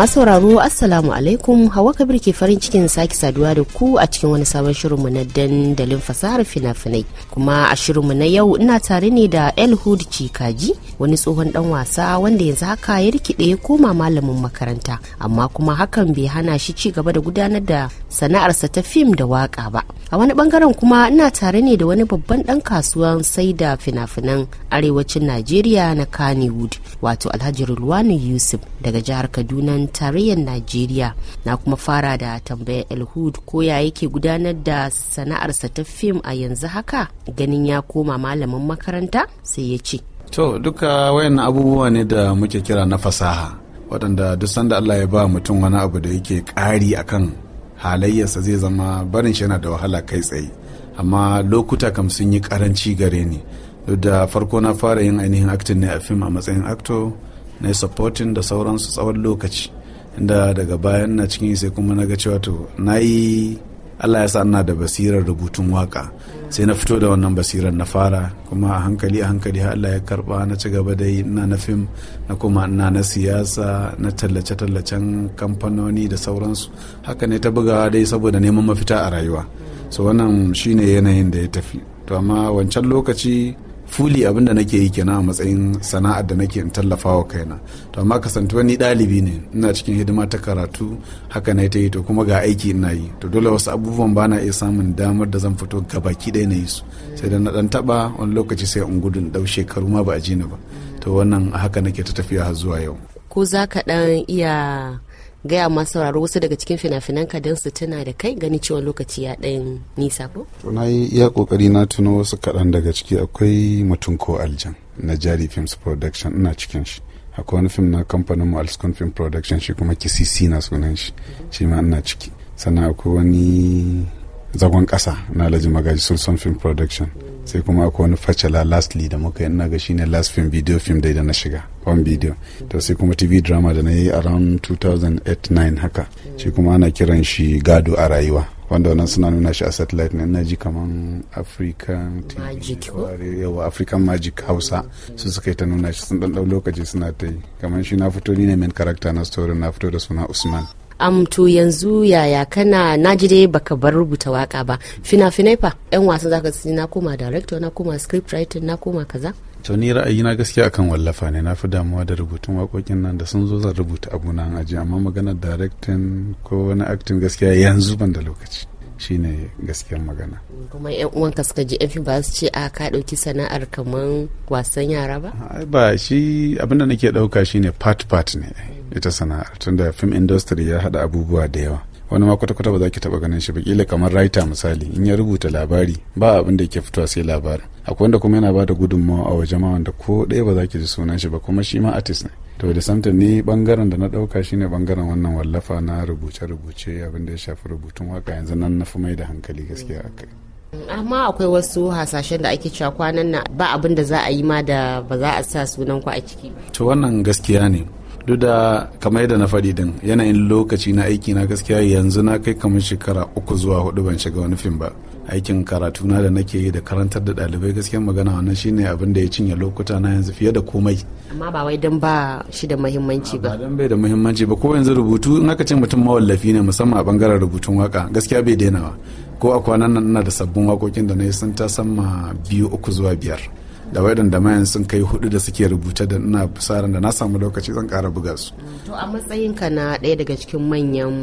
Masu sauraro Assalamu alaikum Hawa Kabir ke farin cikin sake saduwa da ku a cikin wani sabon shirinmu na dandalin fasahar fina-finai. Kuma a shirinmu na yau ina tare ne da El Cikaji wani tsohon dan wasa wanda yanzu haka ya rikide ya koma malamin makaranta amma kuma hakan bai hana shi ci gaba da gudanar da sana'arsa ta fim da waka ba. A wani bangaren kuma ina tare ne da wani babban dan kasuwan sai da fina-finan arewacin Najeriya na Kannywood wato Alhaji Rulwani Yusuf daga jihar Kaduna tarayyar najeriya na kuma fara da tambayar elhud ko ya yake gudanar da sana'arsa ta fim a yanzu haka ganin ya koma malamin makaranta sai ya ce to duka wayan abubuwa ne da muke kira na fasaha waɗanda duk sanda allah ya ba mutum wani abu da yake ƙari akan halayyarsa zai zama barin shi yana da wahala kai tsaye amma lokuta kam sun yi ƙaranci gare ni duk da farko na fara yin ainihin aktin ne a fim a matsayin acto na supporting da sauransu tsawon lokaci da daga bayan na cikin sai kuma na ga cewa to na yi allah ya sa ina da basirar rubutun waka sai na fito da wannan basirar na fara kuma a hankali a hankali allah ya karba na ci gaba da ina na fim na kuma ina na siyasa na tallace-tallacen kamfanoni da sauransu haka ne ta bugawa dai saboda neman mafita a rayuwa so wannan shine yanayin da ya tafi to amma wancan lokaci fuli abin da nake yi kenan a matsayin sana'ar da nake tallafa wa kaina to amma kasantu wani ɗalibi ne ina cikin hidima ta karatu haka na ta yi to kuma ga aiki ina yi to dole wasu abubuwan ba na iya samun damar da zan fito gabaki ɗaya na yi su sai da na ɗan taɓa wani lokaci sai in gudun ɗau shekaru ma ba a ji ni ba to wannan haka nake ta tafiya har zuwa yau ko za ka ɗan iya gaya ma sauraro wasu daga cikin fina-finan ka don su tuna da kai gani cewa lokaci ya ɗayan nisa ko? na yi iya ƙoƙari na tuno wasu kaɗan daga ciki akwai mutum ko aljan na jari films production ina cikin shi akwai wani fim na kamfanin mu alskun film production shi kuma KCC na sunan shi shi ma ina ciki sannan akwai wani zagon ƙasa na alhaji magaji sulson film production sai kuma akwai wani facala lastly da muka yi ga shine last film video film dai da na shiga home video to sai kuma tv drama da na yi around 2008-9 haka shi kuma ana kiran shi gado a rayuwa wanda wannan suna nuna shi a satellite na ji kaman african magic yawa african magic hausa su suka yi ta nuna shi sun dan lokaci suna ta yi kaman shi na fito ni ne main character na story na fito da suna usman am to yanzu yaya kana na ji dai baka bar rubuta waka ba fina-finai fa yan wasan zaka ka na koma director na koma script writing na koma kaza to ni ra'ayi na gaskiya akan wallafa ne na fi damuwa da rubutun wakokin nan da sun zo zan rubuta abu na aji amma maganar directing ko wani acting gaskiya yanzu ban da lokaci shine gaskiyar magana kuma yan uwanka suka ji yan ba su ce a ka dauki sana'ar kamar wasan yara ba ba shi abinda nake dauka shine part part ne ita sana'ar tunda film industry ya hada abubuwa da yawa wani ma kwata-kwata ba za ki taba ganin shi ba kila kamar writer misali in ya rubuta labari ba abin da ke fitowa sai labarin akwai wanda kuma yana ba da gudunmawa a waje ma wanda ko ɗaya ba za ki ji sunan shi ba kuma shi ma artist ne to da samta ni bangaren da na dauka shine bangaren wannan wallafa na rubuce-rubuce abin da ya shafi rubutun waka yanzu nan na fi mai da hankali gaskiya akai amma akwai wasu hasashen da ake cewa kwanan na ba abin da za a yi ma da ba za a sa sunan ku a ciki to wannan gaskiya ne duk da kamar yadda na faɗi din yanayin lokaci na aiki na gaskiya yanzu na kai kamar shekara uku zuwa hudu ban shiga wani fim ba aikin karatu na da nake yi da karantar da dalibai gaskiyar magana wannan shine abin da ya cinye lokuta na yanzu fiye da komai amma ba wai dan ba shi da muhimmanci ba ba dan bai da muhimmanci ba ko yanzu rubutu in aka ce mutum mawallafi ne musamman a bangaren rubutun waka gaskiya bai dainawa ko a kwanan nan ina da sabbin wakokin da na yi sun ta sama biyu uku zuwa biyar da waɗanda mayan sun kai hudu da suke rubuta da ina fusaran da na samu lokaci zan ƙara buga su. To a matsayinka na ɗaya daga cikin manyan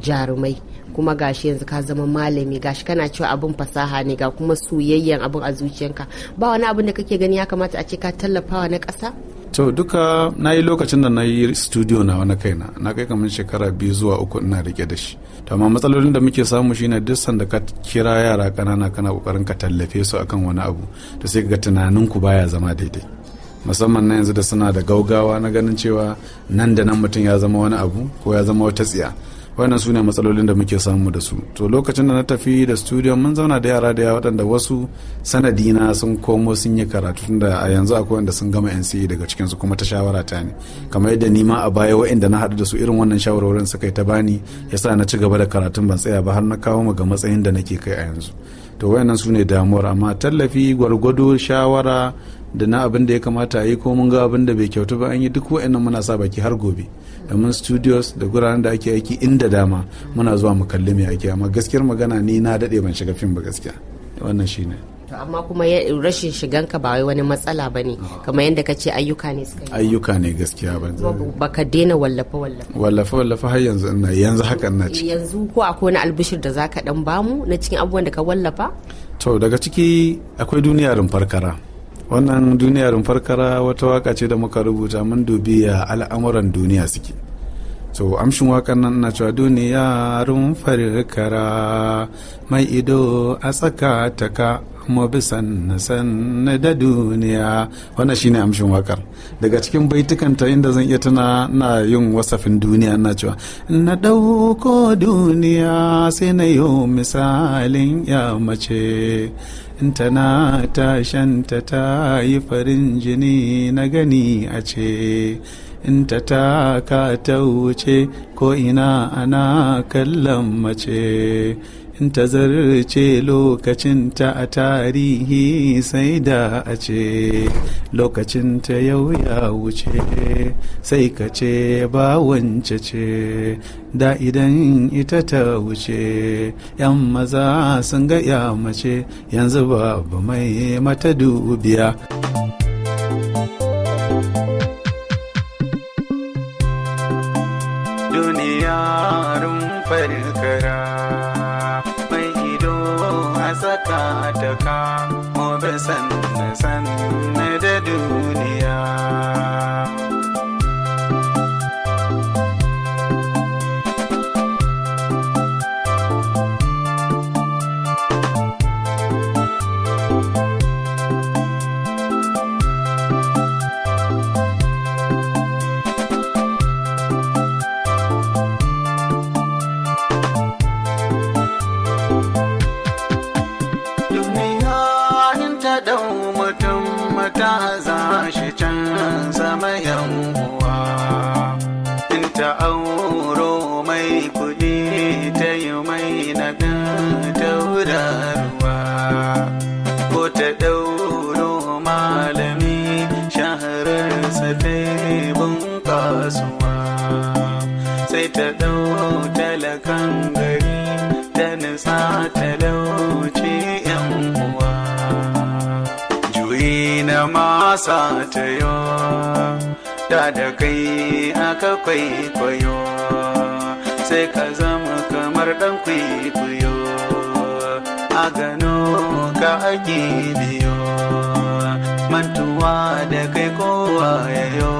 jarumai kuma gashi yanzu ka zama malami gashi kana cewa abin fasaha ne ga kuma soyayyen abin a zuciyanka ba wani abin da kake gani ya kamata a ce ka tallafawa na ƙasa to duka na yi lokacin da na yi studio na wani kaina na kai kamar shekara biyu zuwa uku ina rike da shi to amma matsalolin da muke samu shine duk sanda ka kira yara kanana kana kokarin ka tallafe su akan wani abu da sai ga tunanin ku baya zama daidai musamman na yanzu da suna da gaugawa na ganin cewa nan da nan mutum ya zama wani abu ko ya zama wata tsiya wannan su ne matsalolin da muke samu da su to lokacin da na tafi da studio mun zauna da yara da yawa waɗanda wasu sanadina sun komo sun yi karatu da a yanzu akwai wanda sun gama NCE daga cikin su kuma ta shawara ta ne kamar yadda ni ma a baya waɗanda na haɗu da su irin wannan shawarwarin suka yi ta bani yasa na ci gaba da karatun ban tsaya ba har na kawo mu ga matsayin da nake kai a yanzu to wayannan su ne damuwar amma tallafi gwargwado shawara da na abin da ya kamata a yi ko mun ga abin da bai kyautu ba an yi duk wayannan muna sa baki har gobe domin studios da guraren da ake aiki inda dama muna zuwa mu kalli mai ake amma gaskiyar magana ni na daɗe ban shiga fim ba gaskiya wannan shine amma kuma rashin shigan ka ba wai wani matsala ba ne kamar yadda ka ce ayyuka ne suka yi ayyuka ne gaskiya ba ba ka daina wallafa wallafa wallafa wallafa har yanzu ina yanzu haka ina ciki yanzu ko akwai wani albishir da zaka dan bamu na cikin abubuwan da ka wallafa to daga ciki akwai duniyar farkara. wannan duniya rumfar kara wata waka ce da muka rubuta mun dubi ya al'amuran duniya suke so amshin wakan nan na cewa duniya rumfar kara mai ido a tsaka taka mu bi sanna da duniya wannan shine amshin wakar daga cikin ta inda zan iya tuna na yin wasafin duniya na cewa na ɗauko duniya sai na yi misalin ya mace in tana tashanta ta yi farin jini na gani a ce in ta taka ta wuce ko ina ana kallon mace in ta zarce lokacinta a tarihi sai da a ce lokacinta yau ya wuce sai ka ce ba wance ce da idan ita ta wuce yan maza sun ga ya mace yanzu ba mai mata dubiya. kasuwa sai ta ɗau talakan gari da nisa talauci yan uwa juyi na masa ta yo da da kai aka kwaikwayo sai ka zama kamar dan kwaikwayo a gano ka ake biyo mantuwa da kai kowa yayo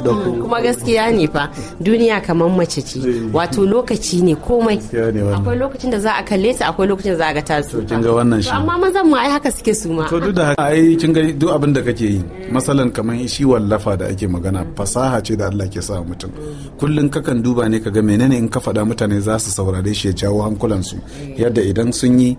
ta dauko hmm, kuma gaskiya ne fa duniya kamar mace ce wato lokaci ne komai akwai lokacin da za a kalle ta akwai lokacin da za a ga ta kin ga wannan shi amma mazan mu ai haka suke su ma to duk da haka ai kin ga duk abin da kake yi masalan kamar shi wallafa da ake magana fasaha ce da Allah ke sa mutum kullun kakan duba ne ka kaga menene in ka faɗa mutane za su saurare shi ya jawo hankulansu yadda idan sun yi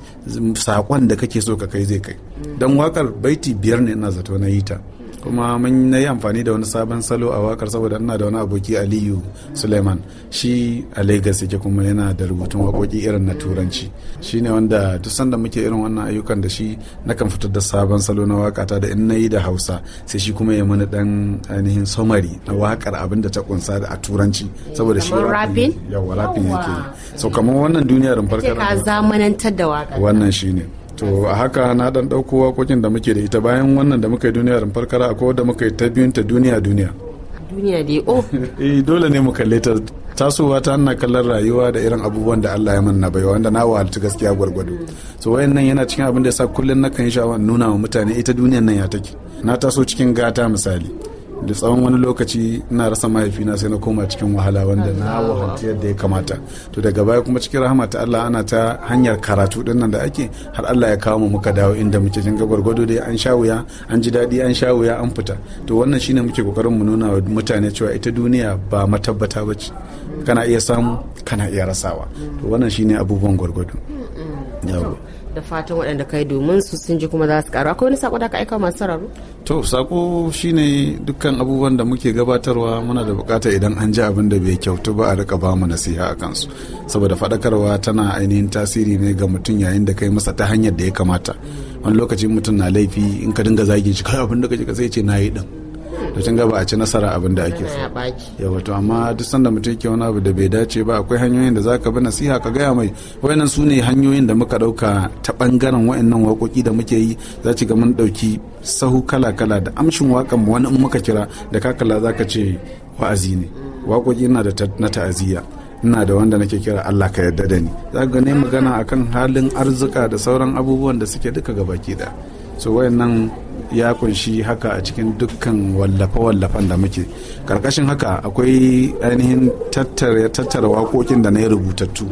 sakon da kake so ka kai zai kai dan wakar baiti biyar ne ina zato na yi ta kuma mun yi amfani da wani sabon salo a wakar saboda ina da wani aboki aliyu suleiman shi a Legas yake kuma yana da rubutun wakoki irin na turanci shi ne wanda duk sanda muke irin wannan ayyukan da shi na kan fitar da sabon salo na wakata da in na yi da hausa sai shi kuma ya mana dan ainihin somari na wakar abin da ta kunsa a turanci saboda shi yawa rafin yake so kamar wannan duniya rumfar ka wannan da ne to a haka na dan dauko wakokin da muke da ita bayan wannan da muka yi duniya rumfar kara akwai da muka yi ta biyun ta duniya duniya duniya dai oh eh dole ne mu kalle ta tasowa ta ana kallon rayuwa da irin abubuwan da Allah ya manna bai wanda na wahalci gaskiya gwargwado so nan yana cikin abin da ya yasa kullun nakan yi sha'awar nuna wa mutane ita duniyar nan ya take na taso cikin gata misali da tsawon wani lokaci na rasa mahaifina sai na koma cikin wahala wanda na wahalci yadda ya kamata to daga baya kuma cikin rahama ta Allah ana ta hanyar karatu din nan da ake har Allah ya kawo mu muka dawo inda muke jin gwargwado dai an sha wuya an ji daɗi an sha wuya an fita to wannan shine muke kokarin mu nuna wa mutane cewa ita duniya ba matabbata ba ce kana iya samu kana iya rasawa to wannan shine abubuwan gwargwado da fatan waɗanda kai domin su sun ji kuma za su karu akwai wani sako da ka aika masu sararu to sako shine dukkan abubuwan da muke gabatarwa muna da bukata idan an ji abin da bai kyautu ba a rika ba mu nasiha a kansu saboda faɗakarwa tana ainihin tasiri ne ga mutum yayin da kai masa ta hanyar da ya kamata wani lokacin mutum na laifi in ka dinga zagin shi kai abin da kaje ka sai ce na yi din da tun gaba a ci nasara abin da ake so yawa to amma duk sanda mutum yake wani abu da bai dace ba akwai hanyoyin da zaka bi nasiha ka gaya mai wayannan su ne hanyoyin da muka dauka ta bangaren wayannan waƙoƙi da muke yi za ci ga mun dauki sahu kala kala da amshin wakan wani in muka kira da kakala zaka ce wa'azi ne waƙoƙi na da na ta'aziyya ina da wanda nake kira Allah ka yarda da ni za ga ne magana akan halin arzika da sauran abubuwan da suke duka gabaki da so wayannan ya kunshi haka a cikin dukkan wallafe-wallafen da muke karkashin haka akwai ainihin tattara wakokin da na yi rubutattu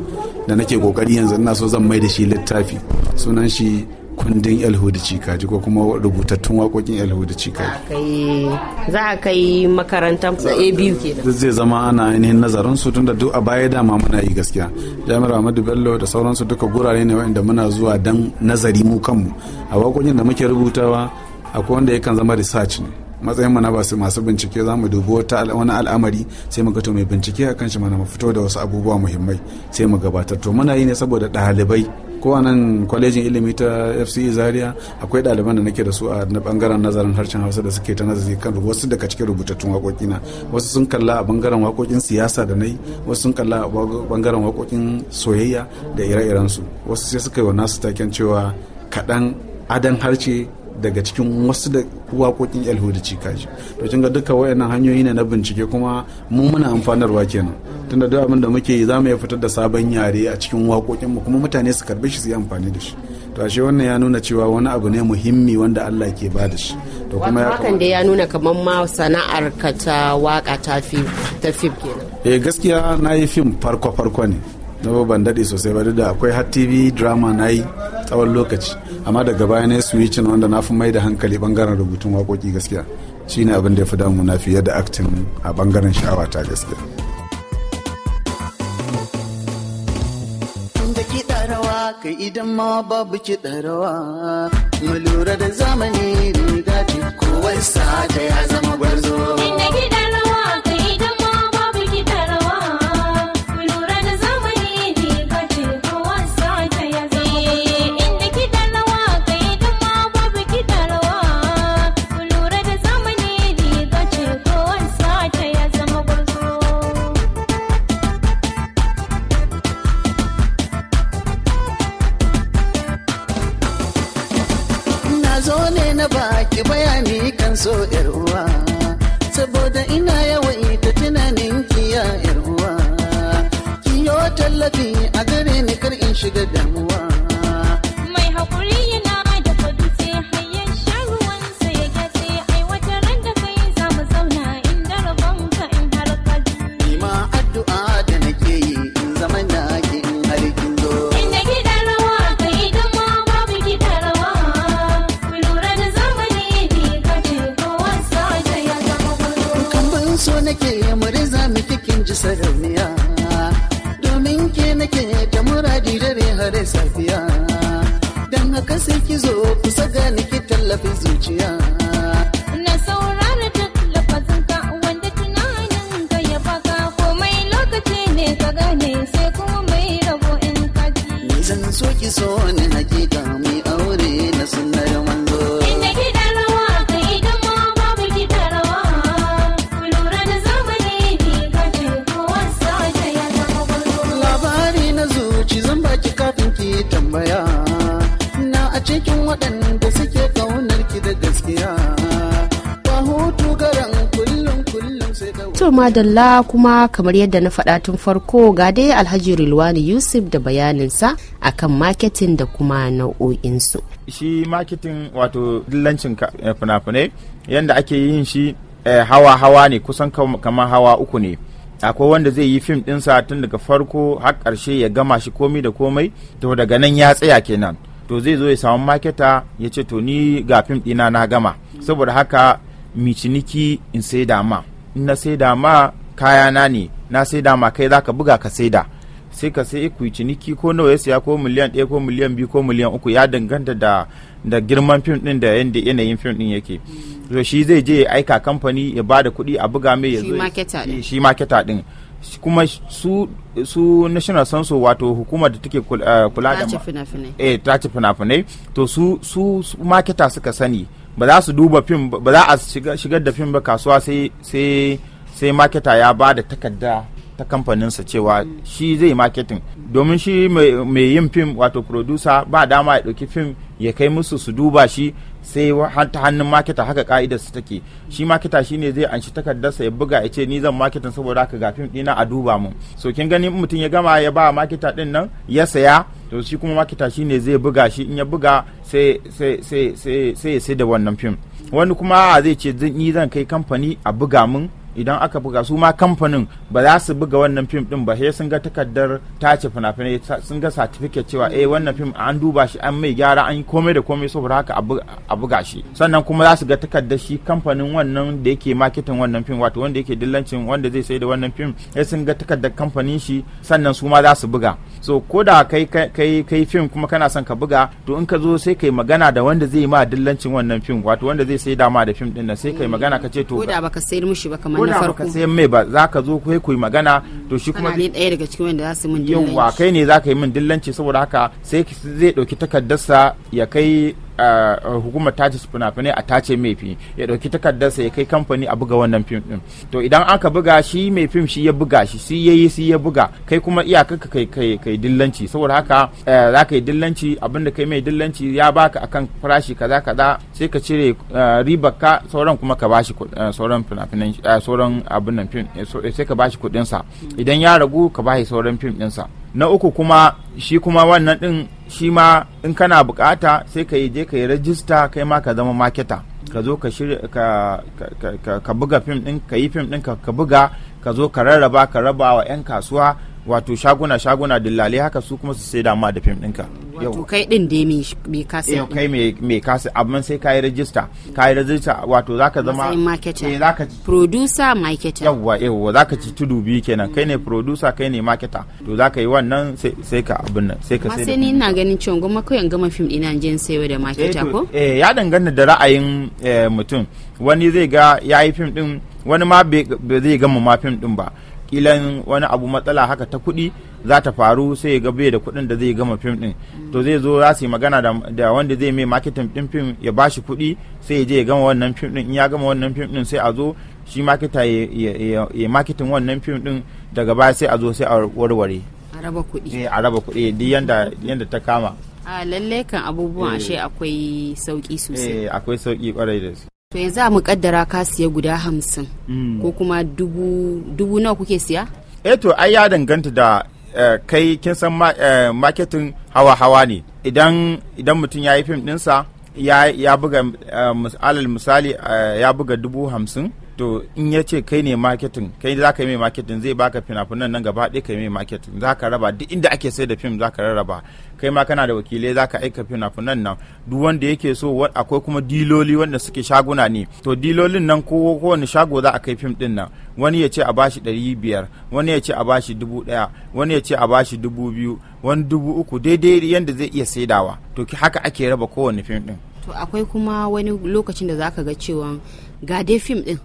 da nake ƙoƙari yanzu ina so zan mai da shi littafi sunan shi kundin elhudu cikaji ko kuma rubutattun waƙoƙin elhudu cikaji za a kai makarantar a abu kenan zai zama ana ainihin nazarin su tunda duk a baya dama muna yi gaskiya jami'ar ahmadu bello da sauransu duka gurare ne wa'inda muna zuwa dan nazari mu kanmu a wakokin da muke rubutawa akwai wanda yakan zama research ne matsayin mu na basu masu bincike za mu dubi wata wani al'amari sai mu ga mai bincike a kan shi mana mu fito da wasu abubuwa muhimmai sai mu gabatar to muna yi ne saboda ɗalibai ko a nan kwalejin ilimi ta fce zaria akwai ɗaliban da nake da su a na bangaren nazarin harshen hausa da suke ta nazari kan wasu daga cikin rubutattun na wasu sun kalla a bangaren waƙoƙin siyasa da nai wasu sun kalla a bangaren waƙoƙin soyayya da ire-irensu wasu sai suka yi wa nasu taken cewa kaɗan adan harce daga cikin wasu da waƙoƙin elhuda cikaji to kin ga duka wayannan hanyoyi ne na bincike kuma mu muna amfanarwa kenan tunda duk abin da muke yi zamu iya fitar da sabon yare a cikin waƙoƙin mu kuma mutane su karbe shi su yi amfani da shi to ashe wannan ya nuna cewa wani abu ne muhimmi wanda Allah ke ba da shi to kuma ya kan da ya nuna kamar ma sana'ar ka ta waka ta fi ta fim kenan eh gaskiya na yi fim farko farko ne na ban daɗe sosai ba da akwai har tv drama na yi tsawon lokaci amma daga baya ne yi switchin wanda na fi mai da hankali bangaren rubutun waƙoƙi gaskiya shine abin da ya fi damu na fiye da aktin a bangaren sha'awa ta gaskiya ka idan ma babu kiɗa rawa mu lura da zamani ce kowai sa ta ya tallafi a gare ni kar in shiga damuwa tallafin zuciya na saurara duk lafazinka wanda tunanin ka ya baka komai lokaci ne ka gane sai kuma mai rabo in kaji Nisan soki so kuma dalla kuma kamar yadda na faɗa tun farko ga dai alhaji rilwani yusuf da bayaninsa akan maketin da kuma nau'o'insu shi maketin wato dillancin eh, fina-finai yadda ake yin shi eh, hawa-hawa ne kusan kamar hawa uku ne akwai wanda zai yi fim ɗinsa tun daga farko har karshe ya gama shi komai da komai to daga nan ya tsaya kenan to zai zo ya samu maketa ya ce to ni ga fim ɗina na gama saboda haka miciniki in sai dama in na saida ma kayana ne na saida ma kai zaka buga ka saida sai ka sai ku ciniki ko nawa ya siya ko miliyan ɗaya ko miliyan biyu ko miliyan uku ya danganta da da girman fim din da yanda yanayin fim din yake to shi zai je ya aika kamfani ya bada kuɗi a buga mai ya zo shi maketa din kuma su su national sanso wato hukumar da take kula eh, da eh ta ci fina-finai to su su maketa suka sani ba za su duba fim ba za a shigar da fim ba kasuwa sai maketa ya ba da takarda ta kamfaninsa cewa shi zai marketing domin shi mai yin fim wato producer ba dama ya dauki fim ya kai musu su duba shi sai ta hannun maketa haka ka'idar su take shi maketa ne zai anshi takardarsa ya buga ya ce ni zan maketin saboda haka ga fim dina a duba mun so kin gani mutum ya gama ya ba maketa ɗin nan ya saya to shi kuma makita shi ne zai buga shi in ya buga sai ya sai da wannan fim wani kuma ah, zai ce ni zan kai kamfani a buga min idan aka buga su ma kamfanin ba za su buga wannan fim din ba sai sun ga takardar tace fina-finai sun ga certificate cewa eh wannan fim an duba shi an mai gyara an yi komai da komai saboda haka a buga shi sannan kuma za su ga takardar shi kamfanin wannan da yake marketing wannan fim wato wanda yake dillancin wanda zai sai da wannan fim sai sun ga takardar kamfanin shi sannan su ma za su buga so ko da kai kai kai fim kuma kana son ka buga to in ka zo sai kai magana da wanda zai ma dillancin wannan fim wato wanda zai sai da ma da fim din nan sai kai magana ka ce to ko da baka sayar mushi ba kamar na farko baka sayan mai ba za ka zo kai ku yi magana to shi kuma ne ɗaya daga cikin wanda za su min dillanci yawa kai ne za ka yi min dillanci saboda haka sai zai ɗauki takardarsa ya kai hukumar tace fina-finai a tace mai fim ya ɗauki sa ya kai kamfani a buga wannan fim ɗin to idan aka buga shi mai fim shi ya buga shi shi yayi yi shi ya buga kai kuma iyakarka kai kai kai dillanci saboda haka eh, za ka yi dillanci abinda kai mai dillanci ya baka akan farashi kaza kaza sai ka cire eh, ribar ka sauran kuma ka bashi eh, sauran fina finai sauran abin nan fim sai ka bashi kuɗin sa idan ya ragu ka bashi sauran fim sa. na uku kuma shi kuma wannan din shi ma in kana bukata sai ka yi je ka yi rajista kai ma ka zama maketa ka zo ka shirya ka buga fim din ka yi fim din ka buga ka zo ka rarraba ka raba wa 'yan kasuwa wato shaguna shaguna dillali haka su kuma su sai da ma da fim ɗinka wato kai din da mai kasa eh kai mai kasa amma sai kai register kai register wato zaka zama sai marketer eh zaka producer marketer yawa za zaka ci tudu biyu kenan kai ne producer kai ne marketer to zaka yi wannan sai ka abin nan sai ka sai sai ni ina ganin cewa goma kai an gama dina ina jin sayo da marketer eh, ko eh ya danganta da ra'ayin eh, mutum wani zai ga yayi fim din wani ma bai zai gama ma fim din ba kilan wani abu matsala haka ta kuɗi za ta faru sai ya bai da kuɗin da zai gama fim ɗin to zai zo za su yi magana da wanda zai mai marketing ɗin fim ya ba shi kuɗi sai ya je ya gama wannan fim ɗin in ya gama wannan fim ɗin sai a zo shi makita ya marketing wannan fim ɗin daga baya sai a zo sai a warware a raba kuɗi eh, a raba kuɗi duk yanda ta kama a lallai kan abubuwan eh. ashe akwai sauki sosai eh, akwai sauki kwarai da su to yanzu a mukaddara ka siya guda hamsin hmm. ko kuma dubu nawa kuke siya eh to ai ya danganta da eh, kai kin san eh, marketin hawa-hawa ne idan mutum ya yi fim dinsa ya buga eh, misali ya buga dubu hamsin to in ya ce kai ne maketin kai za ka yi mai maketin zai baka fina-finan nan gaba ɗaya ka yi mai maketin za ka raba duk inda ake sai da fim za ka rarraba kai ma kana da wakilai za ka aika fina-finan nan duk wanda yake so akwai kuma diloli wanda suke shaguna ne to dilolin nan ko kowane shago za a kai fim din nan wani ya ce a bashi ɗari biyar wani ya ce a bashi dubu ɗaya wani ya ce a bashi dubu biyu wani dubu uku daidai yadda zai iya saidawa to haka ake raba kowane fim din to akwai kuma wani lokacin da zaka ga cewa ga dai fim din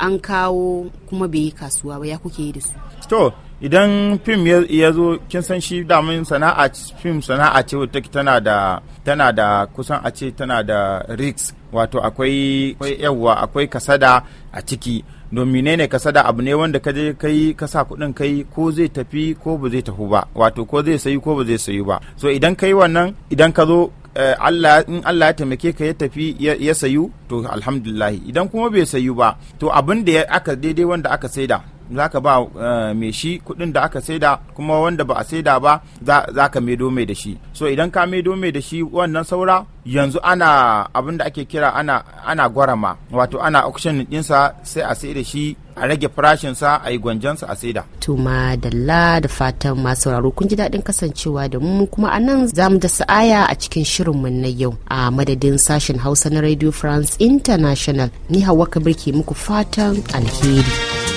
an kawo kuma bai yi kasuwa ba ya kuke yi da su to idan fim ya zo kin san shi damin sana'a fim sana'a ce wata tana da tana da kusan a ce tana da risk wato akwai yawwa akwai kasada a ciki domin ne kasada abu ne wanda ka je kai ka sa kuɗin kai ko zai tafi ko ba zai tafi ba wato ko zai sayi ko ba zai sayi ba so idan kai wannan idan ka zo Eh, Allah in Allah ya taimake ka ya tafi ya sayu to alhamdulillah idan kuma bai sayu ba to abin da aka daidai wanda aka saida za ka ba eh, mai shi kuɗin da aka saida kuma wanda ba a saida ba za ka maido mai da shi so idan ka maido mai da shi wannan saura yanzu ana abin da ake kira ana, ana gwarama wato ana auction ɗinsa sai a sai da shi a rage farashinsa a yi gwanjansa a saida. Tuma dalla da fatan masu sauraro kun ji daɗin kasancewa da mu kuma a nan za mu da sa'aya a cikin shirin mu na yau a madadin sashen Hausa na Radio France International ni Hauwa ka birke muku fatan alheri.